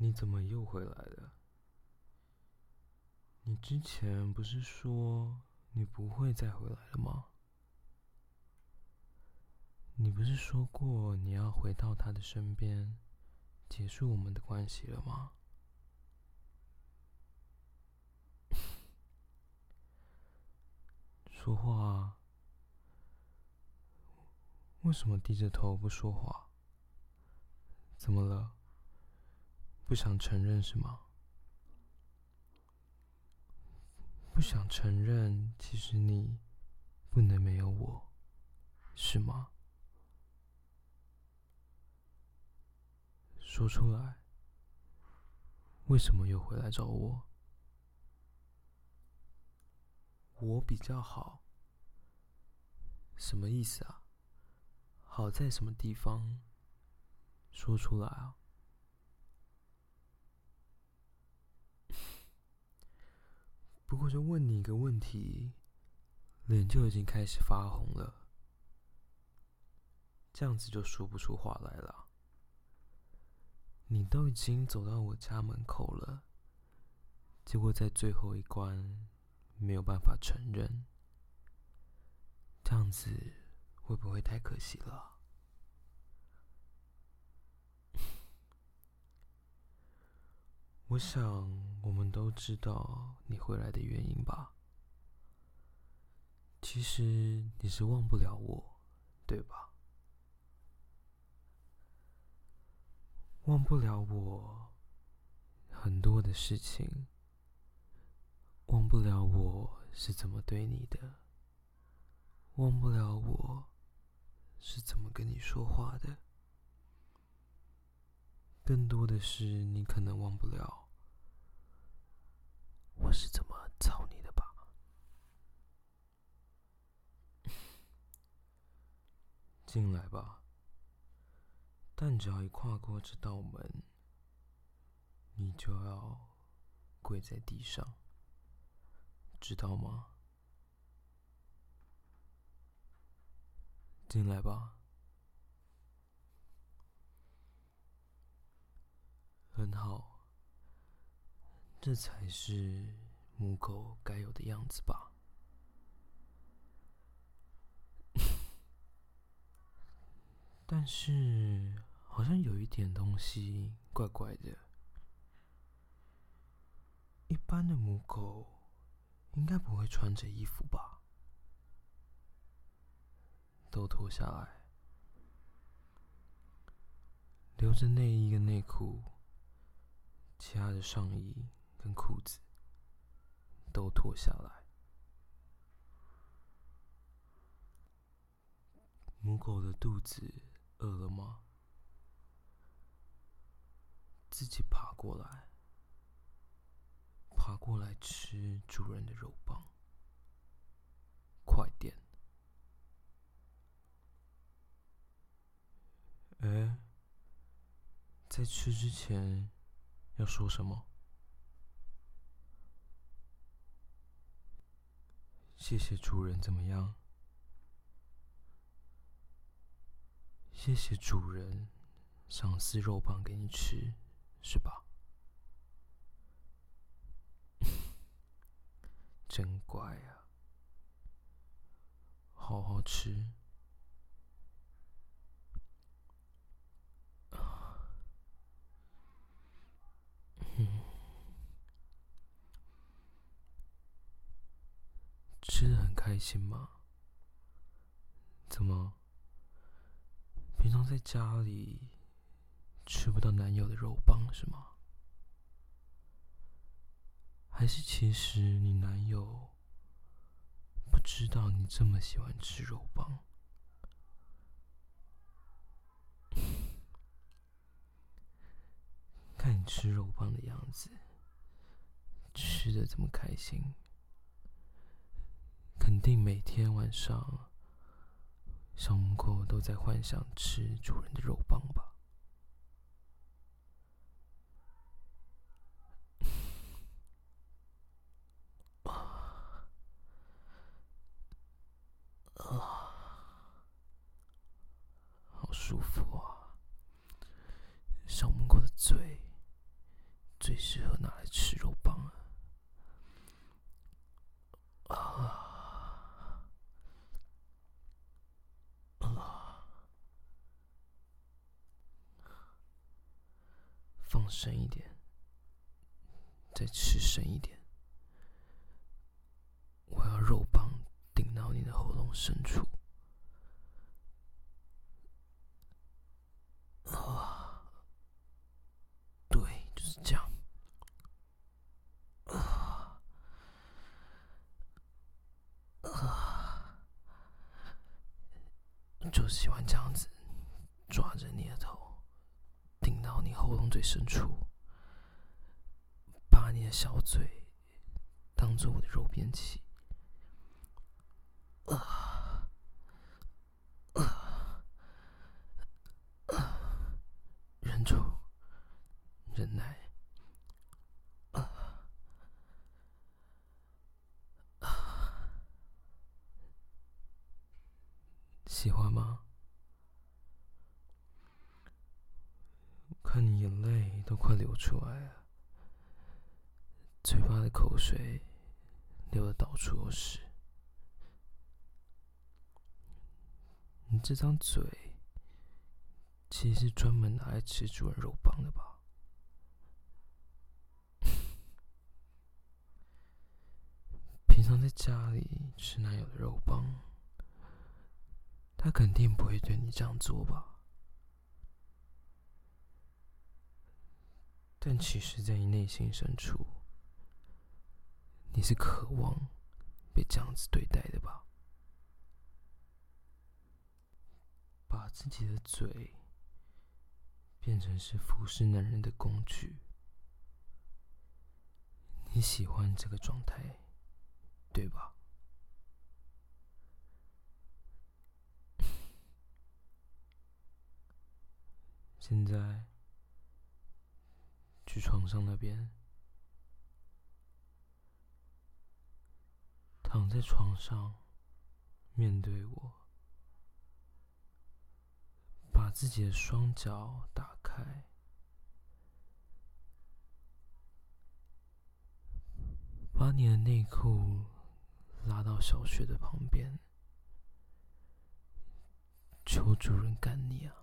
你怎麼又回來了？你之前不是說你不會再回來了嗎？你不是說過你要回到他的身邊，結束我們的關係了嗎？ 說話啊！為什麼低着頭不說話？怎麼了？不想承認是嗎？不想承認，其實你不能沒有我，是嗎？說出來，為什麼又回來找我？我比較好，什麼意思啊？好在什麼地方？說出來啊！不過就問你一個問題，臉就已經開始發紅了，這樣子就說不出話來了。你都已經走到我家門口了，結果在最後一關沒有辦法承認，這樣子會不會太可惜了？我想，我們都知道你回來的原因吧。其實你是忘不了我，對吧？忘不了我很多的事情，忘不了我是怎麼對你的，忘不了我是怎麼跟你說話的。更多的是，你可能忘不了我是怎麼操你的吧。進來吧，但只要一跨過這道門，你就要跪在地上，知道嗎？進來吧。很好，這才是母狗該有的樣子吧？ 但是好像有一點東西怪怪的。一般的母狗應該不會穿着衣服吧？都脫下來，留着內衣跟內褲。其他的上衣跟褲子都脫下來。母狗的肚子餓了嗎？自己爬過來，爬過來吃主人的肉棒，快點、欸！哎，在吃之前。要說什麼？謝謝主人，怎麼樣？謝謝主人，賞賜肉棒給你吃，是吧？ 真乖啊，好好吃。開心嗎？怎麼？平常在家裡吃不到男友的肉棒，是嗎？還是其實你男友不知道你這麼喜歡吃肉棒？看你吃肉棒的樣子，吃得這麼開心。肯定每天晚上，小母狗都在幻想吃主人的肉棒吧。深處，啊，對，就是這樣。啊，啊，就喜歡這樣子，抓着你的頭，頂到你喉嚨最深處，把你的小嘴當做我的肉便器，啊。忍耐、啊、啊啊，喜歡嗎？我看你眼淚都快流出來了、啊，嘴巴的口水流得到處都是。你這張嘴，其實是專門拿來吃主人肉棒的吧？常常在家裡吃男友的肉棒，他肯定不會對你這樣做吧？但其實，在你內心深處，你是渴望被這樣子對待的吧？把自己的嘴變成是服侍男人的工具，你喜歡這個狀態？對吧？現在去床上那邊，躺在床上，面對我，把自己的雙腳打開，把你的內褲。拉到小雪的旁邊，求主人幹你啊！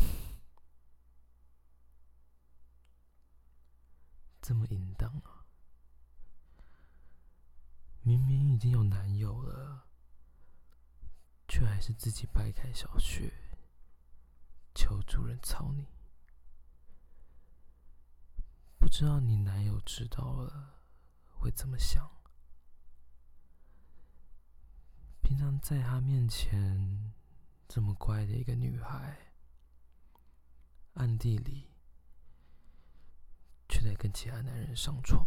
這麼淫蕩啊！明明已經有男友了，卻還是自己掰開小雪，求主人操你！不知道你男友知道了會怎麼想？平常在他面前這麼乖的一個女孩，暗地裡卻在跟其他男人上床，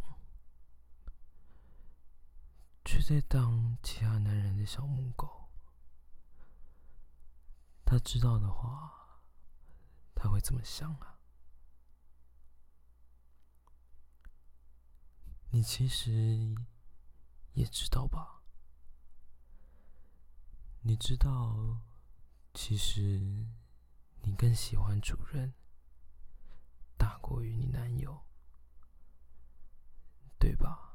卻在當其他男人的小母狗。他知道的話，他會怎麼想啊？你其實也知道吧？你知道，其實你更喜歡主人，大過於你男友，對吧？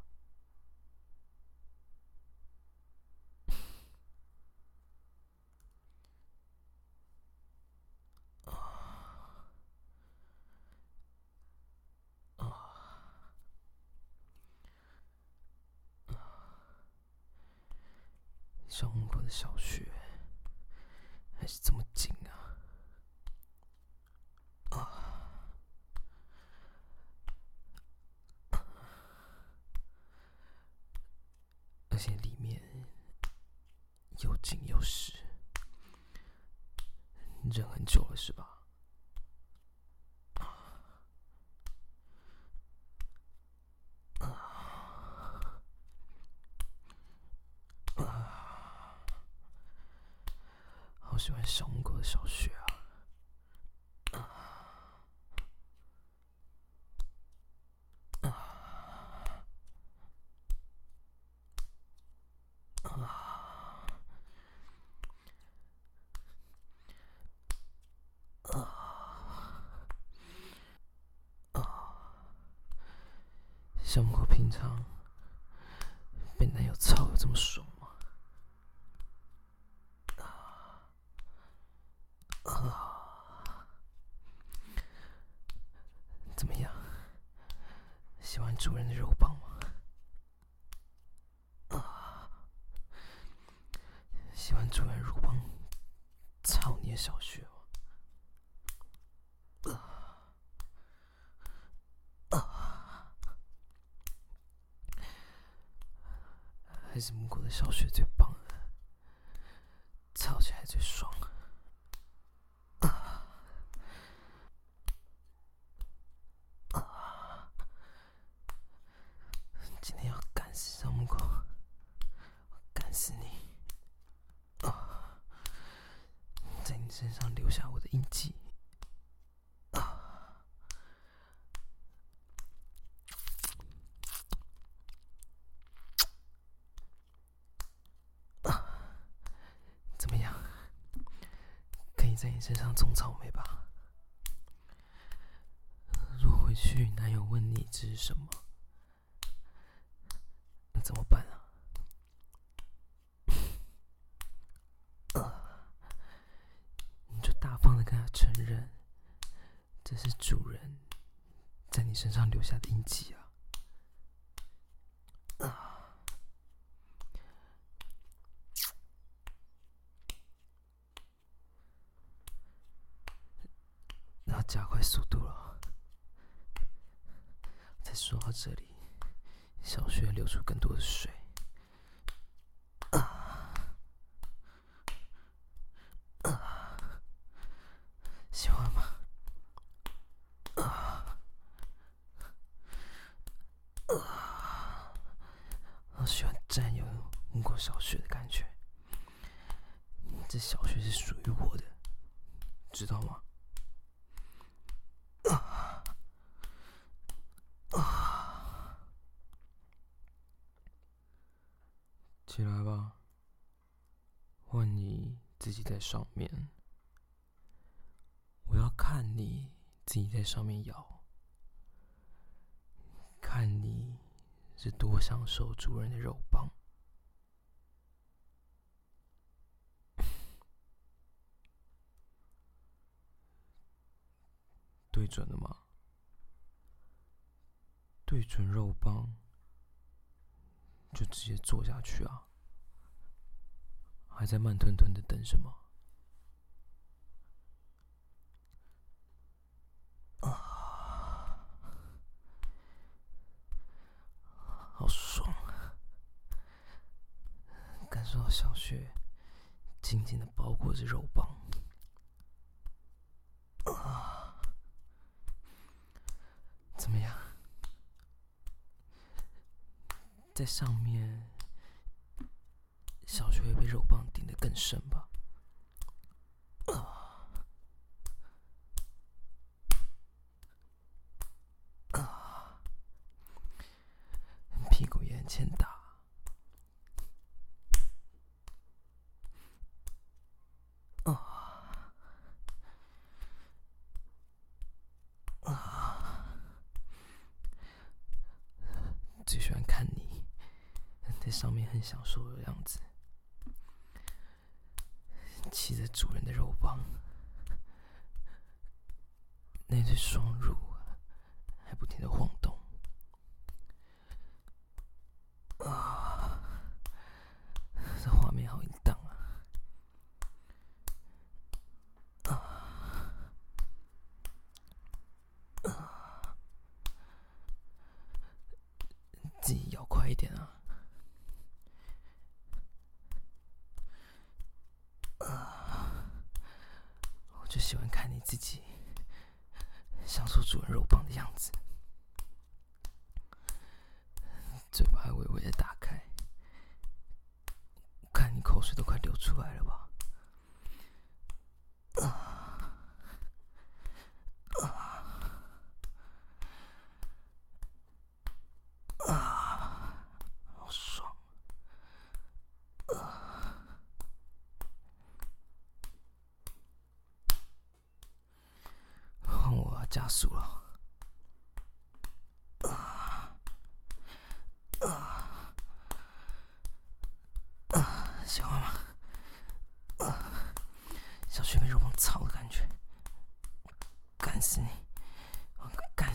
在裡面又緊又濕，忍很久了是吧？像我平常被男友操得這麼爽。還是母狗的小穴最棒的，操起來最爽的。去男友問你這是什麼？那怎麼辦啊？你就大方的跟他承認，這是主人在你身上留下的印記啊！那要加快速度了。說到這裡，小穴流出更多的水，呃呃、喜歡嗎？我、呃呃啊、喜歡占有過小穴的感覺，這小穴是屬於我的，知道嗎？上面，我要看你自己在上面搖。看你是多享受主人的肉棒。對準了嗎？對準肉棒，就直接坐下去啊！還在慢吞吞的等什麼？好爽啊！感受到小穴緊緊的包裹着肉棒，啊，怎麼樣？在上面，小穴也被肉棒頂得更深吧？騎着主人的肉棒，那對雙乳，啊，還不停的晃動。了吧，啊，啊，啊，好爽！啊，我要加速了。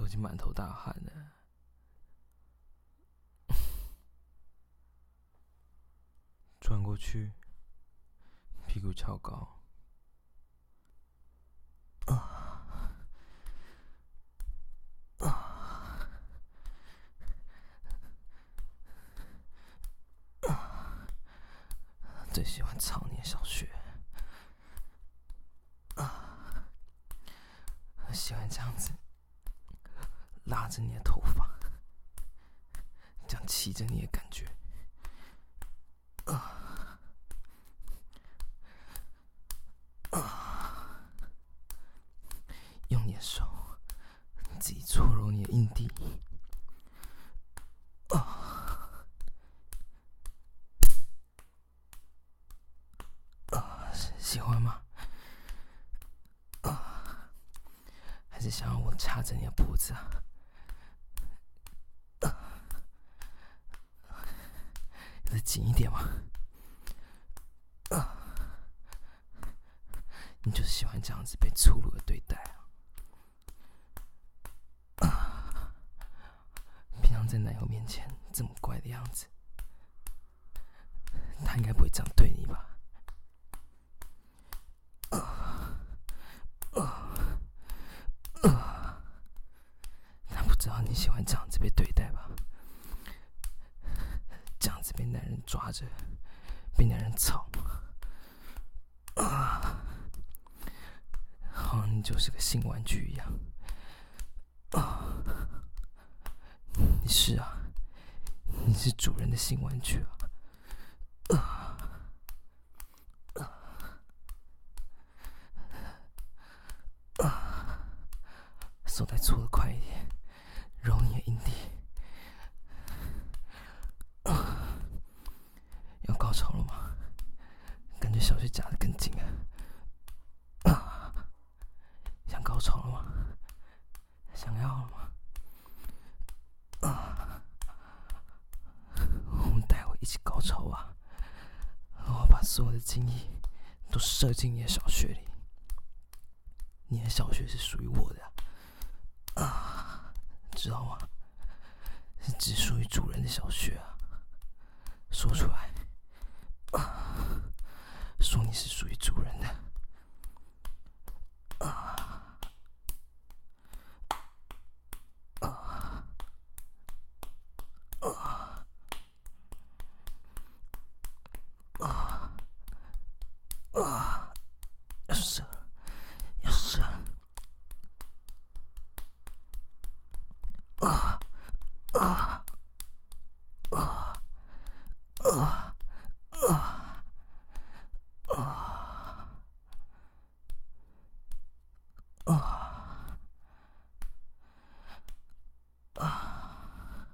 我已經滿頭大汗了。轉 過去，屁股翹高，啊啊啊，啊！最喜歡操你小穴，啊，我喜歡這樣子。拉着你的頭髮，這樣騎着你的感覺，啊、呃、啊、呃！用你的手自己搓揉你的陰蒂，啊、呃、啊、呃！是喜歡嗎？啊、呃，還是想要我掐着你的脖子啊？緊一點嘛、呃！你就是喜歡這樣子被粗魯的對待啊、呃！平常在男友面前這麼乖的樣子，他應該不會這樣對你吧、呃呃呃呃？他不知道你喜歡這樣子被對待吧？被男人抓着，被男人操，啊！好像你就是個性玩具一樣，啊！你是啊，你是主人的新玩具啊！啊啊手，再搓得快一點，揉你的陰蒂。不要了嗎？啊、呃！我們待會一起高潮吧！然後我把所有的精力都射進你的小穴裡，你的小穴是屬於我的，啊、呃，你知道嗎？只是只屬於主人的小穴啊！說出來，啊、呃，說你是屬於主人的。啊啊啊啊啊啊！啊，啊，啊，啊，啊，啊，啊，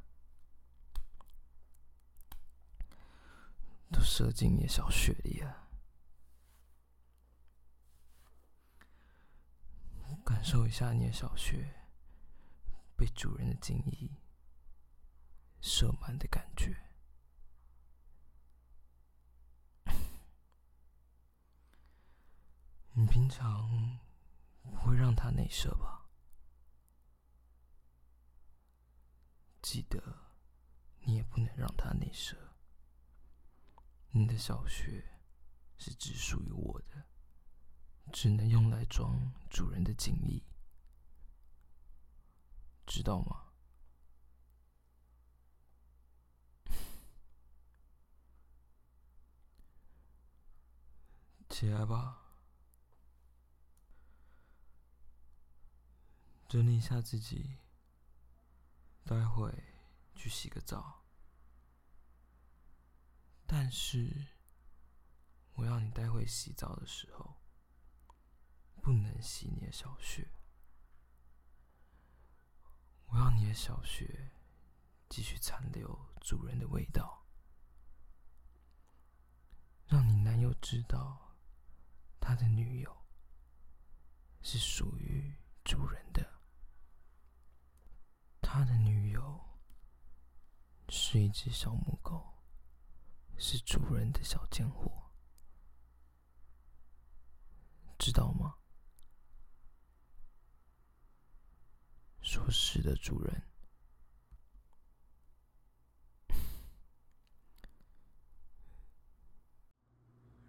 都射進你的小穴裡了，感受一下你的小穴被主人的精液。射滿的感覺。 你平常不會讓他內射吧？記得，你也不能讓他內射。你的小穴是只屬於我的，只能用來裝主人的精力，知道嗎？起來吧，整理一下自己。待會去洗個澡，但是我要你待會洗澡的時候不能洗你的小穴。我要你的小穴繼續殘留主人的味道，讓你男友知道。他的女友是屬於主人的。他的女友是一隻小母狗，是主人的小賤貨，知道嗎？說是的，主人。